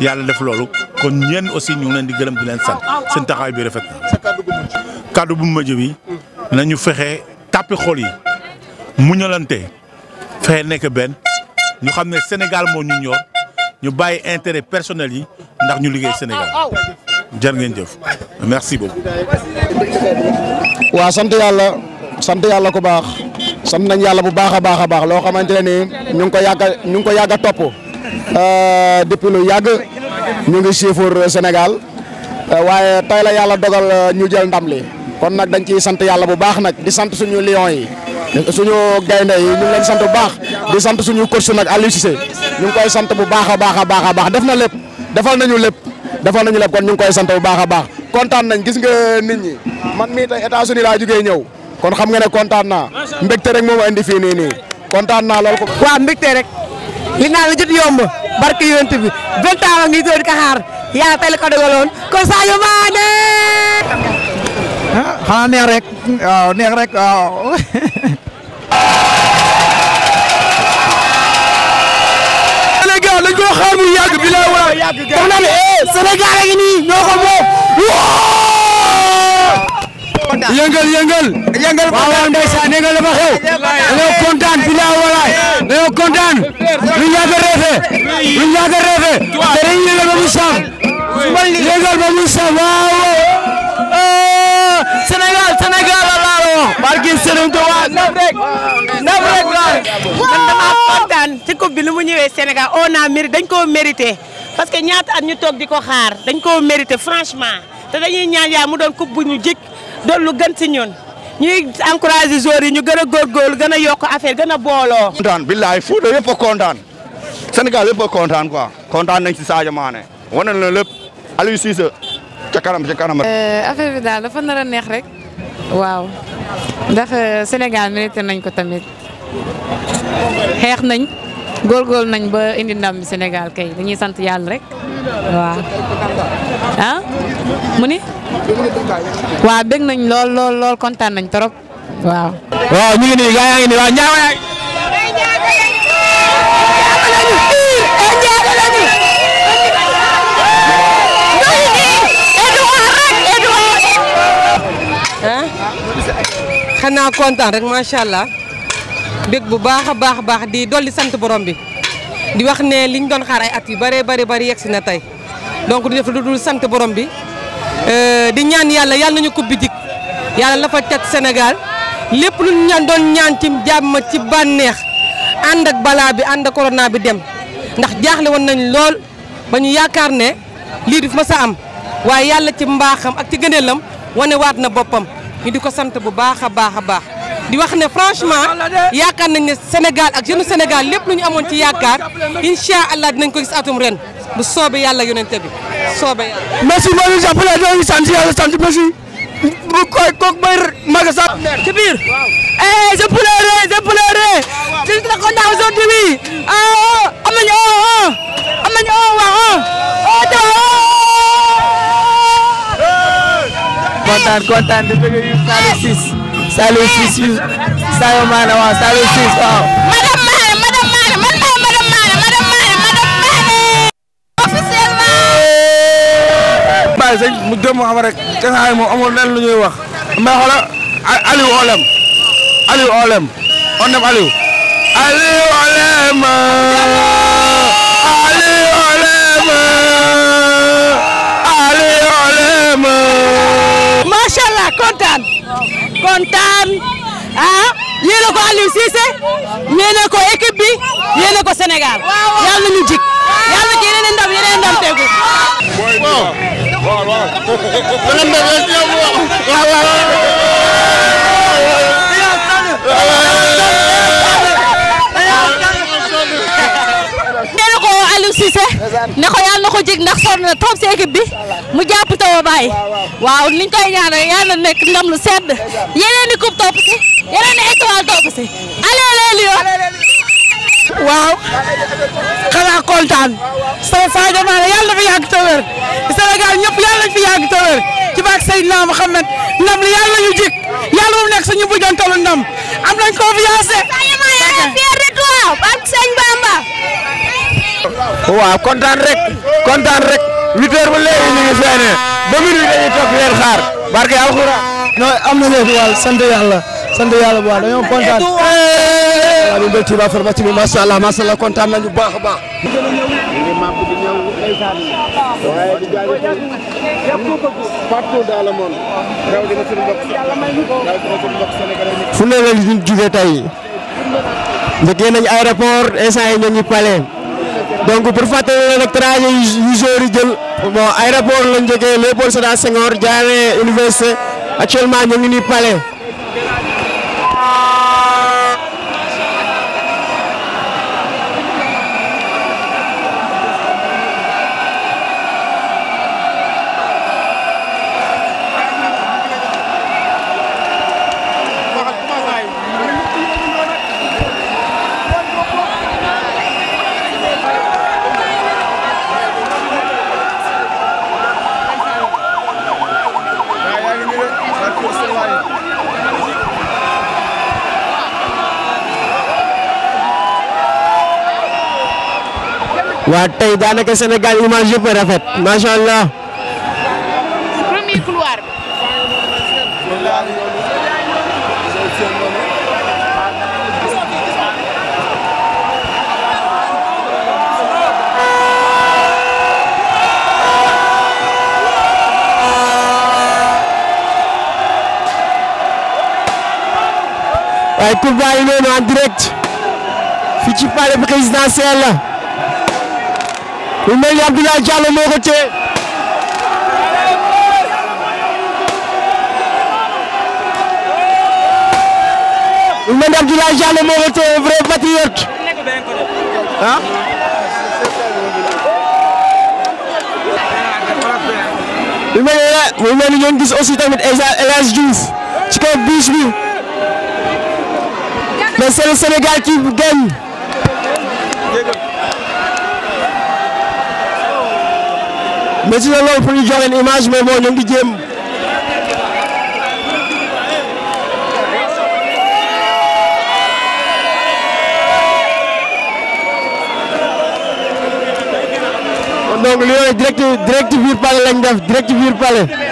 yàlla def loolu kon ñeen aussi ñu ngi leen di gërëm di leen sant ah, ah, ah. seen taxawaay bi rafet na kàddu bu mu mujj bi nañu fexe tàppi xol yi mu muñalante fexe nekk benn ñu xam ne Sénégal moo ñu ñor ñu bàyyi intérêt personnel yi ndax ñu liggéey Sénégal jërë ngeen jëf merci beaucoup. waa sant yàlla sant yàlla ku baax sant nañ yàlla bu baax a baax a baax loo xamante ne nii ñu ngi ko yàgg ko yàgg a topp Euh, depuis lu yàgg ñu ngi suivre Sénégal euh, waaye tey la yàlla dogal euh, ñu jël ndam li kon nag dañ ciy sant yàlla bu baax nag di sant suñu lion yi suñu gaynde yi ñu ngi sant bu baax di sant suñu coach nag Aliou Cissé ñu koy sant bu baax a baax a baax a baax def na lépp defal nañu lépp defal nañu lépp kon ñu ngi koy sant bu baax a baax kontaan nañ gis nga nit ñi man mii tey États-Unis laa jugee ñëw kon xam nga ne kontaan naa mbégte rek moom indi fii nii nii kontaan naa lool ko. waaw mbégte rek. li naan la jot yomb barke yonent bi vingt ngi doon di ko xaar yàlla tey la ko dogaloon kon Sadio Mané. ah yëngal yëngal yëngal waaw waaw ndeysaan yëngal dafa xew dañoo kontaan bila walaay kontaan lu ñàkk reefe lu ñàkk reefe te dañuy mu saaf yëngal ba mu saaf waaw ah, Sénégal Sénégal la laa wax barki Serigne Touba ndam rek ndam rek la ci coupe bi lu mu ñëwee Sénégal dañ koo mérité parce que ñaata at ñu toog di ko xaar dañ koo mérité franchement te dañuy ñaan yàlla mu doon coupe bu ñu jik doon lu gën si ñun ñuy encouragé joueurs yi ñu gën a góorgóorlu gën a yokk affaire gën a booloo. kontaan billaay Fuuta yëpp a kontaan Sénégal yëpp a kontaan ko kontaan nañ si Sadio Mané wane na lépp Aliou Cissé ca kanam ca euh, daal dafa nar neex rek waaw ndax euh, Sénégal mérité nañ ko tamit xeex nañ góorgóorlu nañ ba indi ndam bi Sénégal kay dañuy sant yàll rek waaw ah. mu ni waaw bég nañ lool lool lool kontaan nañ trop waaw. waaw ñu ngi nii gaa yaa ngi nii waaw Ndiago yaa ngi. xanaa kontaan rek macha allah bég bu baax a baax a baax di dolli sant borom bi di wax ne liñ doon xaar ay at yu bëree bëri bëri yegg si na tey donc di def lu dul sant borom bi. Euh, di ñaan yàlla yàlla nañu ko bitik yàlla lafa fa teg Sénégal lépp lu ñaan doon ñaan ci jàmm ci bànneex ànd ak balaa bi ànd ak corona bi dem ndax jaaxle woon nañ lool ba ñu yaakaar ne lii du ma sa am waaye yàlla ci mbaaxam ak ci gëneelam wane waat na boppam ñu di ko sant bu baax a baax a baax di wax ne franchement yaakaar nañ ne Sénégal ak jeune Sénégal lépp lu ñu amoon ci yaakaar incha allah dinañ ko gis atum ren bu soobee yàlla yonente bi soobee yàlla. merci maa ngi jàppale ñoo ngi sant yàlla sant merci. bu koy kooku may maga sax. ci biir. eh je pleurais je pleurais. je suis très content aujourd'hui. ah am nañu ah ah am nañu ah, ah. waaw ah ah taw ah. kontaan kontaan di bëgg yu Saliou Ciss. waaye mu jëm wax mais xoolal Aliou Olem Aliou Olem on Olem Aliou Olem Aliou Olem macha allah kontaan kontaan ah yéen a ko Aliou Cissé yéen ko équipe bi yéen a ko Sénégal yàlla na ñu jik yàlla na ci yeneen ndam yeneen ndam tegu waaw waaw. danañ dem rek yow waaw waaw waaw. ko Aliou Cissé. ne ko yàlla na ko jig ndax sonn na trop si équipe bi. mu jàpp taw a bàyyi. waaw liñ koy ñaanal yàlla na nekk ndam lu sedd. yeneen i coupe topp si. yeneen i étoile topp si. kontaan Sadio Mané yàlla dafa yàgg te wér Sénégal ñëpp yàlla nañ fi yàgg te wér ci baak Seydina Mouhamed ndam li yàlla ñu jik yàlla moom nekk suñu bujjantalu ndam am nañ confiance Sadio Mané yàlla fier de toi ak Sëñ Bamba waaw kontaan rek kontaan rek huit ba léegi ñu ngi feene ba minuit dañuy toog leen xaar barke alxuraan non am na léegi wàll sant yàlla sant yàlla bu baax dañoo kontaan eh, amin Mbaye a baax. waaye di jaajëfal partout dans le monde. rawatina suñu tey njëkkee nañu aéroport instant yi ñoo ñu palais donc pour fàttali leen rek trajet yu jël bon aéroport lañ jógee Léopold Sédar Senghor jaaree université actuellement ñu ngi nii palais. waa tey daanaka Sénégal image yëpp a rafet macha allah. waaye combat yi noonu en direct fii ci palais présidentiel mu mel ni Abdoulaye Diallo moo ko téye mu mel ni Abdoulaye Diallo moo ko téye vrai patriote ah. mu mel ni ñoom gis aussi tamit El Hadj Diouf ci kaw bus bi. mais c'est le Sénégal qui gagne. métti na lool pour ñu joxe une image mais bon ñu ngi jéem. donc li yooyu direct direct biir palais lañ def direct biir palais.